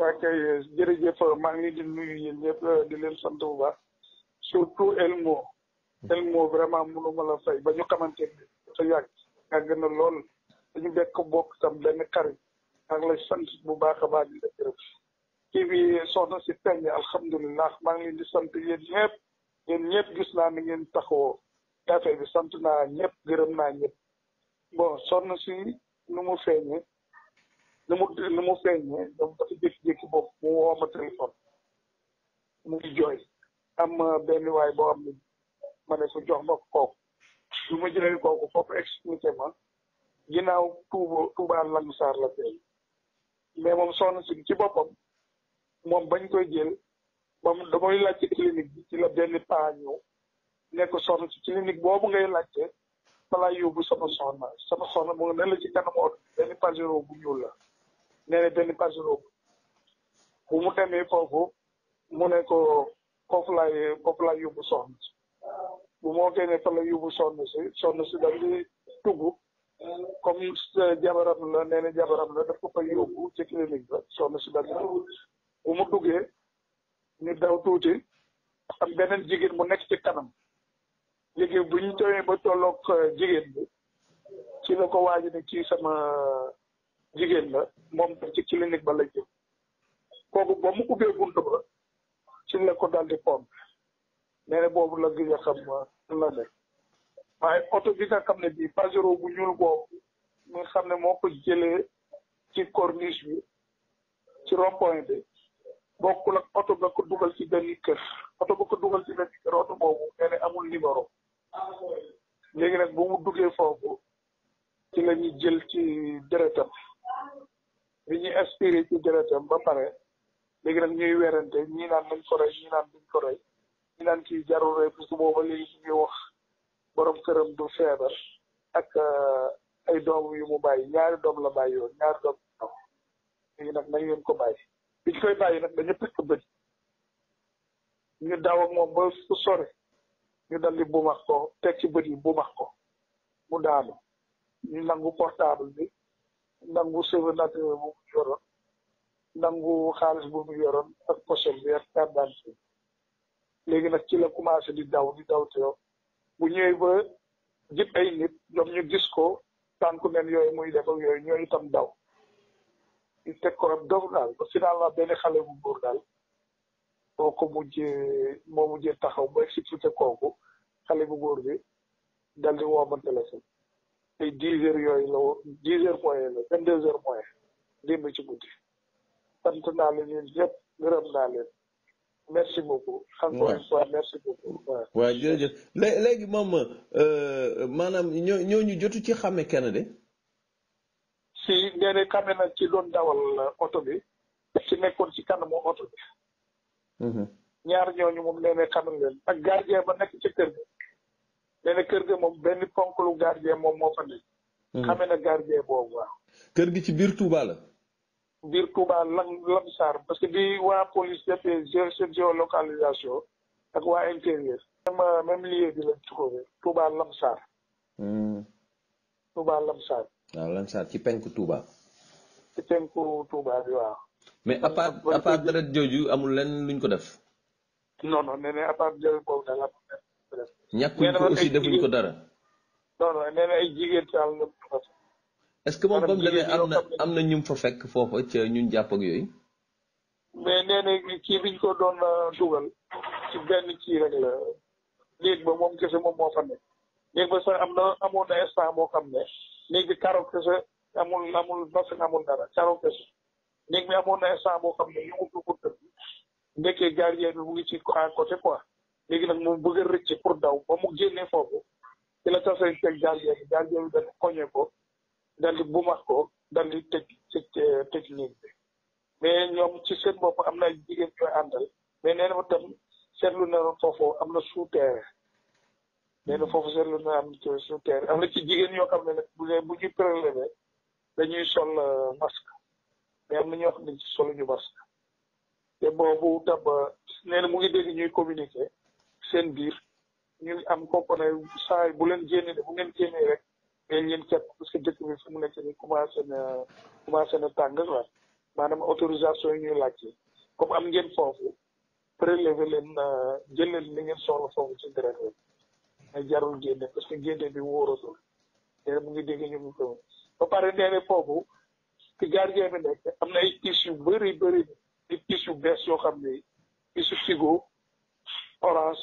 waaw kay jërëjëf maa ngi di nuyu yéen ñëpp di leen sant bu baax surtout Elmo. Elmo vraiment mënu ma la fay ba ñu xamante ne dafa yàgg yàgg na lool dañu bekk bokk sam benn xarit ak la sant bu baax a baax di la gërëm kii bi soxna si peñ alhamdulilah maa ngi di sant yéen ñëpp yéen ñëpp gis naa ni ngeen taxawoo affaire bi sant naa ñëpp gërëm naa ñëpp bon soxna si nu mu feeñee. ni mu ni mu feeñee donc dafa jékki-jékki bopp mu woo ma téléphone mu ngi jooy am benn waay boo xam ne ma ne su jox ma kooku su ma jëlee kooku foofu expliqué ma ginnaaw Touba Touba Langsar la feeñ mais moom soxna si ci boppam moom bañ koy jël ba mu damay laajte clinique bi ci la benn paa nekk soxna si clinique boobu ngay laajte fa laay yóbbu sama soxna sama soxna mu ne la ci kanam oto benn pajero bu ñuul la. nee benn par jour bu mu demee foofu mu ne ko foofu laay foofu laay yóbbu soxna si bu moo génnee fa la yóbbu soxna si soxna si dal di tugg comme jabaram la nee na jabaram la daf ko yóbbu ci clinique ba soxna si dal di bu mu duggee ñu daw tuuti am beneen jigéen bu nekk ci kanam léegi bu ñu tooyee ba tolloog jigéen bi ci la ko waaj ne kii sama jigéen la moom ci clinique ba la jëm kooku ba mu ubbee bunt ba ci la ko daldi pompe nee boobu la gis nga xam ah, la nekk waaye oto bi nga xam ne bii pajero bu ñuul boobu mi xam ne moo ko jëlee ci corniche bi ci rond-point bi ku ak oto ba ko dugal ci benn kër oto ba ko dugal ci benn pare léegi nag ñuy werante ñii naan nañ ko rey ñii naan duñ ko rey ñii naan kii jarul rey parce léegi ñu wax borom këram du feebar ak euh, ay doom yu mu bàyyi ñaari doom la bàyyi yoon ñaari doom am léegi nag nañ leen ko bàyyi bi ñu koy bàyyi nag ñu daw moom ba su ñu dal di bumax ko teg ci bët yi bumax ko mu daanu ñu nangu portable bi nangu souvenir naturel bu mu nangu xaalis bu mu yoroon ak poche bi ak carte d'identité léegi nag ci la commencé di daw di daw teew bu ñëwee ba jib ay nit ñoom ñu gis ko tànku nen yooyu muy def ak yooyu ñooy tam daw ñu teg ko ab dof daal ba finalement benn xale bu góor daal moo ko mujjee moo mujjee taxaw ba expliqué kooku xale bu góor bi dal di woo ma téléphone ay dix heures yooyu la dix heures moyen vingt deux heures moyen démb ci guddi sant naa leen yéen yëpp gërëm naa leen merci beaucoup. encore une fois merci beaucoup. waaw jërëjëf léegi moom euh, maanaam ñoo ñu jotu ci xàmme kenn de. si nee na na ci doon dawal euh, oto bi. ci nekkoon ci kanamu oto bi. Mm-hmm. ñaar ñooñu moom nee na leen ak gardien ba nekk ci kër gi. nee kër gi moom benn ponk lu gardien moom moo fa nekk. Mm-hmm. xàmme na gardien boobu waaw. kër gi ci biir Touba la. biir Touba Lam Lamsar parce que bi waa police defee o géolocalisation ak waa intérieur. même même lieu bi lañ trouvé Touba Lamsar. Hmm. Touba Lamsar. waaw Lamsar ci penku Touba. ci penku Touba bi waaw. mais à part deret jooju amul leen luñ ko def. non non nee deret boobu daal amul ko aussi defuñ ko dara. est-ce que moom ba mu demee am na am na ñu fa fekk foofa ca ñun jàpp ak yooyu. mais nee na kii bi ko doon euh, dugal ci benn kii rek la ba moom kese moom moo fa nekk ba sax am na amoon na instant xam ne néeg bi karo kese amul amul bassin amul dara karo kese amoon na xam ne ñu mu ngi ci à côté quoi léegi nag moom bëgg a rëcc pour daw ba mu génnee foofu ci la tasee teg gardien gardien bi dafa koñee ko. dal di buumaat ko dal di tëj tëj tëj néeg bi mais ñoom ci seen bopp am na ay jigéen ñooy àndal mais nee na tam seetlu na foofu am na suuteere nee na foofu seetlu na am na ci jigéen ñoo xam ne nag bu dee bu ñuy prélevé dañuy sol euh, masque mais am na ñoo xam ne ci soluñu masque te boobu tam euh, nee mu ngi dégg ñuy communiqué seen biir ñu am kooku ne saa bu leen génnee bu ngeen génnee rek. dañ leen parce que dëkk bi fu mu nekk nii commencé na commencé na tàng quoi maanaam autorisation yi ñuy laajte comme am ngeen foofu prélever euh, li ngeen soxla foofu ci deret rek mais bi wóoratul léegi mu ngi dégg am na ay tissus yu bëri bëri ay tissus yu bees yoo xam ne tissu figo orange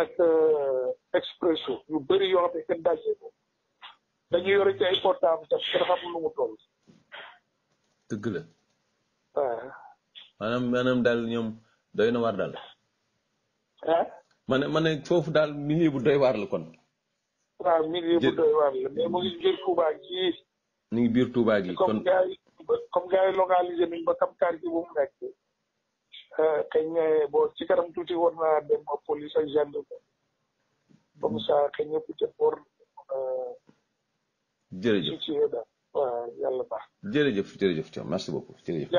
ak euh, expresso yu bëri yoo xam ne kenn dajee ko. dañuy yore ci ay portable lu mu toll. la. waaw. Ah. maanaam ñoom doy na waar daal. ah. ma ne ma ne foofu daal milieu bu doy waar la kon. milieu bu doy waar la mais mu ngi biir Touba gi. mu biir Touba gi kon comme yi comme gars yi localisé nañ ba kam quartier bu mu nekk. Ah, xëy na ci kanam tuuti war naa dem police ak gendarmerie comme ça xëy na peut-être ah, jërëjëf waaw yàlla baax jërëjëf jërëjëf merci beaucoup jërëjëf